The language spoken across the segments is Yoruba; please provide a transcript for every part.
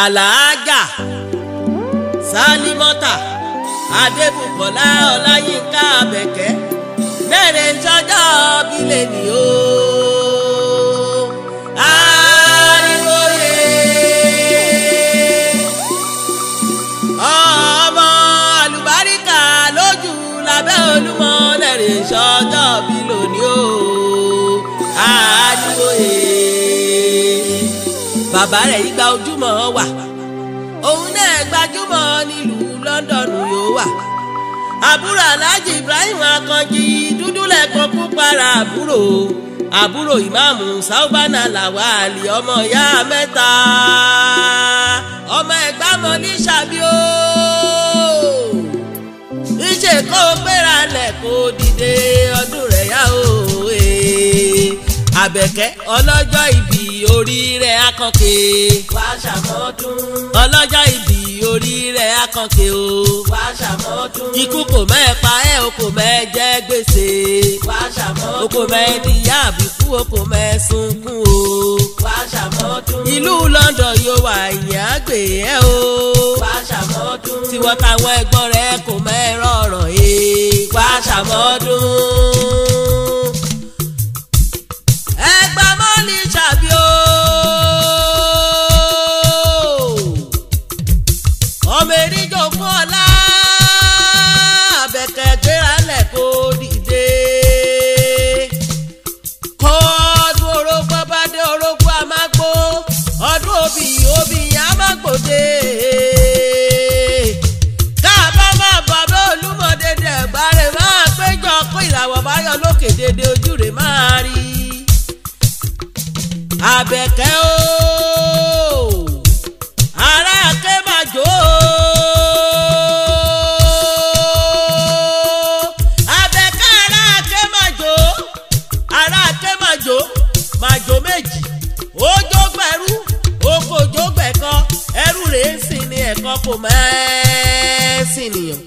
aláàjà sálímọ́tà adébùkọ́lá ọláyínká abẹ́kẹ́ mẹ́rin jọjọ́ bílẹ̀ ni ó. bàbá rẹ̀ yìí gba ojúmọ́ wà òun náà gbajúmọ̀ nílùú London yóò wà àbúrò Alhaji Ibrahim Akanji dúdú lẹ́kọ̀ọ́ kú para àbúrò àbúrò ìmáàmù Saubana Lawali ọmọ ìyá mẹ́ta ọmọ ẹ̀gbá mọ́ ní sàbíò níṣẹ́ kó gbéra lẹ̀ dìde àbẹ̀kẹ́ ọlọ́jọ́ ìbí orí rẹ̀ akànkè. wá ṣàmọ́dún. ọlọ́jọ́ ìbí orí rẹ̀ akànkè o. wá ṣàmọ́dún. ikú kò mẹ́ẹ̀ pa ẹ́ o kò mẹ́ẹ̀ jẹ́ gbèsè. wá ṣàmọ́dún. o kò mẹ́ẹ̀ níyà àbíkú o kò mẹ́ẹ̀ sunkún o. wá ṣàmọ́dún. ìlú London yóò wà ìyá gbé ẹ o. wá ṣàmọ́dún. tiwọ́tàwọn ẹ̀gbọ́n rẹ̀ kò mẹ́ẹ̀ rọ̀rọ̀ ẹ̀. E. wá ṣàmọ́dún. gbòde. tá a bá máa bọ̀ abẹ́ olúmọdé dẹ̀gbà rẹ̀ máa péjọ kó ìràwọ̀ báyọ̀ lókè dédé ojú rẹ̀ máa rí. àbẹ̀kẹ́ ooo. kan kò mọ ẹsìn nìyàn.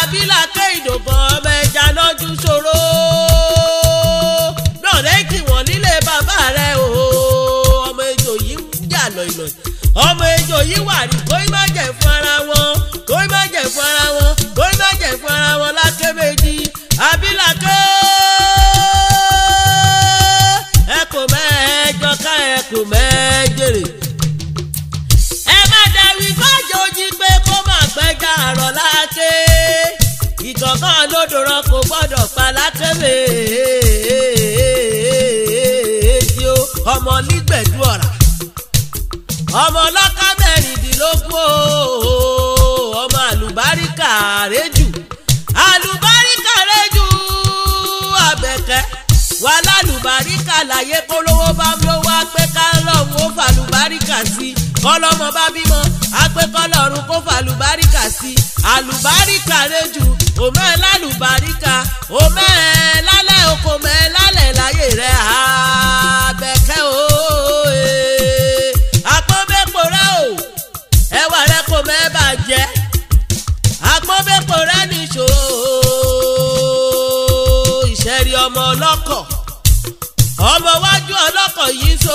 abilake ìdòbọ̀ ọmọ ẹja lọ́jú ṣòro lọ́rẹ́ kí wọ́n nílé bàbá rẹ̀ o ọmọ ejò yìí ń jà lọ́ìlọ́ì ọmọ ejò yìí wà ní kó má jẹ̀ fún ara wọn kó má jẹ̀ fún ara wọn kó má jẹ̀ fún ara wọn lákè méjì abilake. kò mẹ́ẹ̀ẹ́jọ méjì o ọmọ nígbẹ̀dú ọ̀rà ọmọ ọlọ́ka mẹ́rìndínlógún o ọmọ àlùbáríkà rẹ́jù àlùbáríkà rẹ́jù àbẹ̀kẹ́ wà lálùbáríkà láyé polówó bá ń lówó apẹ́ ká lọ́run ó fàlùbáríkà sí kọ́lọ́mọ bá bímọ apẹ́ kọ́lọ́run kó fàlùbáríkà sí àlùbáríkà rẹ́jù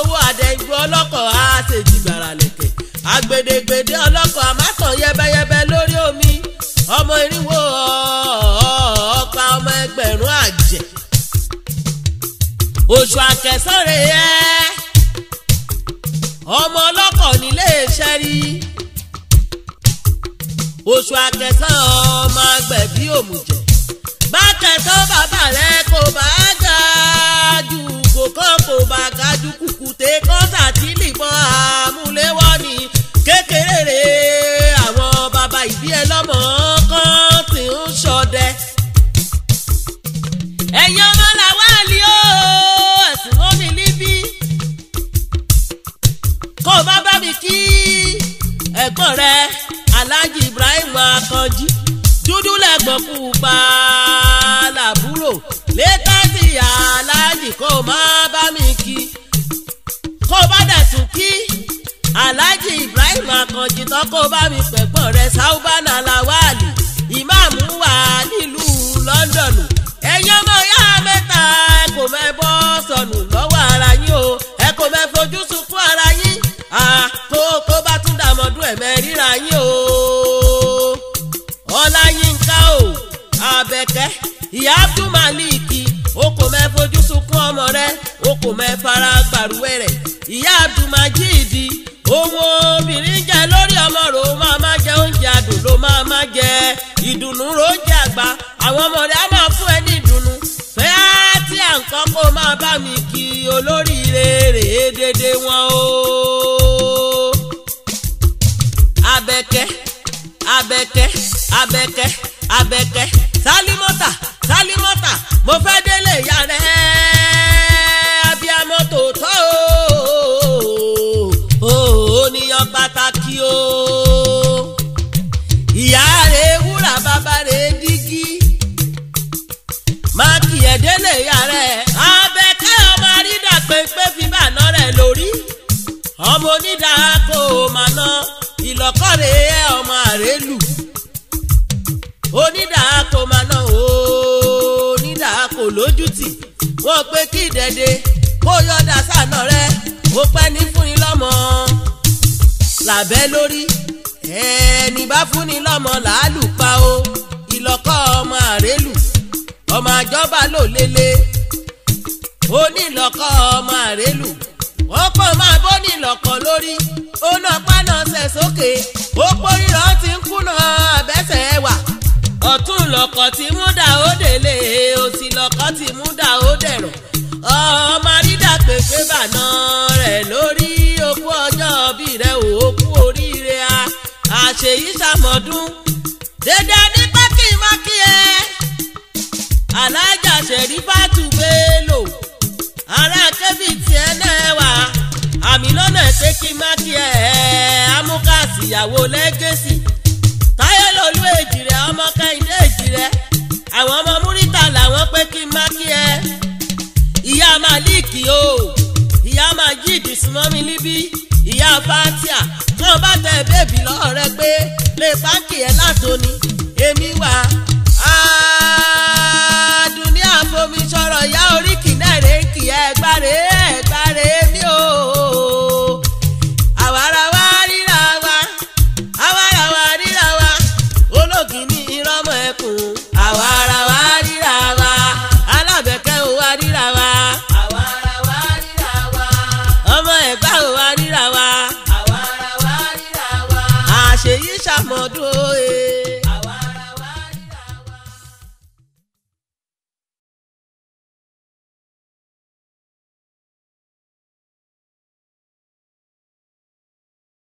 olówó àdẹ̀gbọ́ ọlọ́kọ̀ á ṣèjì gbàrà lẹ̀kẹ̀ àgbèdègbèdè ọlọ́kọ̀ àmásàn yẹbẹyẹbẹ lórí omi ọmọ irinwó ọ̀ọ́pa ọmọ ẹgbẹ̀rún àjẹ́ oṣù àkẹsọ̀rẹ̀ yẹ ọmọ ọlọ́kọ̀ nílé iṣẹ́ rí oṣù àkẹsàn ọmọ àgbẹ̀ bí òmùjẹ bákẹsàn bàbá rẹ kò bá ga kò kàn kò bá ga kó o bá bá mi kí ẹ̀gbọ́n rẹ Alhaji Ibrahim Akànjí dúdú lẹ́gbọ̀n kú pa làbúrò létẹ́sì Alhaji kó o má bá mi kí kó o bá dẹ̀ tún kí Alhaji Ibrahim Akànjí tán kó o bá mi pẹ̀gbọ́n rẹ Saubana Lawali ìmáàmù wà nílùú London ẹ̀yọ́ mọ́. tó tó bá tún dàmọ́dún ẹ̀mẹ́ ríra yín o ọláyínká o àbẹ̀kẹ́ ìyá abdulmalik o kò mẹ́ fojú sunkún ọmọ rẹ o kò mẹ́ fara gbàrúwẹ̀ rẹ̀ ìyá abdulmajid owó obìnrin jẹ lórí ọmọ rò máa má jẹ oúnjẹ àdùn ló máa má jẹ ìdùnnú ló jẹ àgbà àwọn ọmọ rẹ á máa fún ẹ ní ìdùnnú fẹ́ẹ́ tí à ń kọ́ kó máa bá mi kí olóríire rèé dédé wọn o. abẹ́kẹ́ abẹ́kẹ́ abẹ́kẹ́ sálímọ́tà sálímọ́tà mo fẹ́ délé ìyá rẹ̀ abiyamọ tòótọ́ o oníyan pàtàkì o ìyá rẹ̀ wúrà bàbá rẹ̀ dígí má kì í ẹ̀ délé ìyá rẹ̀ abẹ́kẹ́ ọmọ àrídà pé pé fi bàánà rẹ̀ lórí ọmọ onídàá kò mà náà ọlọ́kọ̀rẹ́ ẹ ọmọ àrélù onídàá kò máa ná onídàá kò lójútì wọ́n pé kí ìdẹ́dẹ́ kó yọ̀dà sànà rẹ ó pẹ́ ní fúnni lọ́mọ làbẹ́ lórí ẹni bá fúnni lọ́mọ làálù pa o ìlọ́kọ̀ ọmọ àrélù ọmọ àjọba ló lélẹ̀ onílọ́kọ̀ ọmọ àrélù wọ́n pọ̀ máa bọ́ nílọ́kọ̀ lórí ó náà pa sókè òpó ríran ti ń kùnà abẹ́sẹ̀ wà ọ̀tún lọ́kọ̀ tí mú dà ó délé òsì lọ́kọ̀ tí mú dà ó dẹ̀rọ̀ ọmọ rídà pépé bàná rẹ̀ lórí okú ọjọ́ bí rẹ̀ òkú oríire a àṣeyí sàmọ́dún dédé ní pákímákí ẹ alájà ṣèrífàtú Bello ará kébì tiẹ̀ náà wà àmì lọ́nà ṣé kí má ẹ ìyàwó lẹ́gẹ̀sì táyé lolú èjìrẹ́ ọmọ kẹ́hìndé èjìrẹ́ àwọn ọmọ múrítà làwọn pé kí n má kí ẹ ìyá malik o ìyá majid sùnmọ́mi níbí ìyá fatia tí wọ́n bá tẹ bébì lọ́ọ̀rẹ́ pé lè pàǹkì ẹ̀ látòní èmi wà á. ọmọdún ooo. Eh.